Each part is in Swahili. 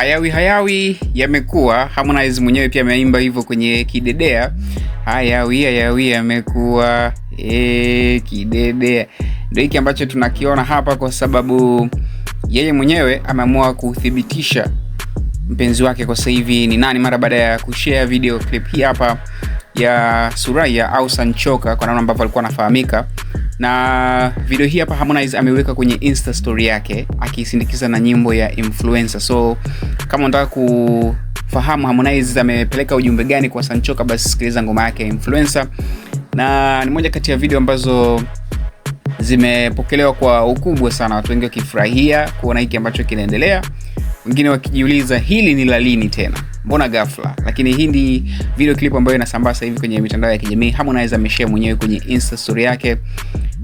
hayawi hayawi yamekuwa. Harmonize mwenyewe pia ameimba hivyo kwenye kidedea, hayawi hayawi yamekuwa e, kidedea ndio hiki ambacho tunakiona hapa, kwa sababu yeye mwenyewe ameamua kuthibitisha mpenzi wake kwa sasa hivi ni nani, mara baada ya kushare video clip hii hapa ya suraya au Sanchoka kwa namna ambavyo alikuwa anafahamika na video hii hapa Harmonize ameweka kwenye Insta story yake akisindikiza na nyimbo ya Influencer. So kama unataka kufahamu Harmonize amepeleka ujumbe gani kwa Sanchoka, basi sikiliza ngoma yake Influencer, na ni moja kati ya video ambazo zimepokelewa kwa ukubwa sana, watu wengi wakifurahia kuona hiki ambacho kinaendelea, wengine wakijiuliza hili ni la lini tena, mbona ghafla? Lakini hii ndi video clip ambayo inasambaa sasa hivi kwenye mitandao ya kijamii. Harmonize ameshare mwenyewe kwenye Insta story yake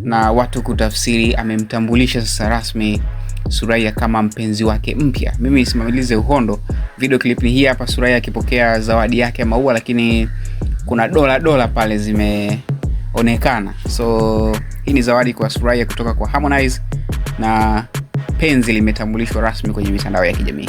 na watu kutafsiri amemtambulisha sasa rasmi suraia kama mpenzi wake mpya. Mimi simamilize uhondo. Video clip ni hii hapa, suraia akipokea zawadi yake ya maua, lakini kuna dola dola pale zimeonekana. So hii ni zawadi kwa suraia kutoka kwa Harmonize na penzi limetambulishwa rasmi kwenye mitandao ya kijamii.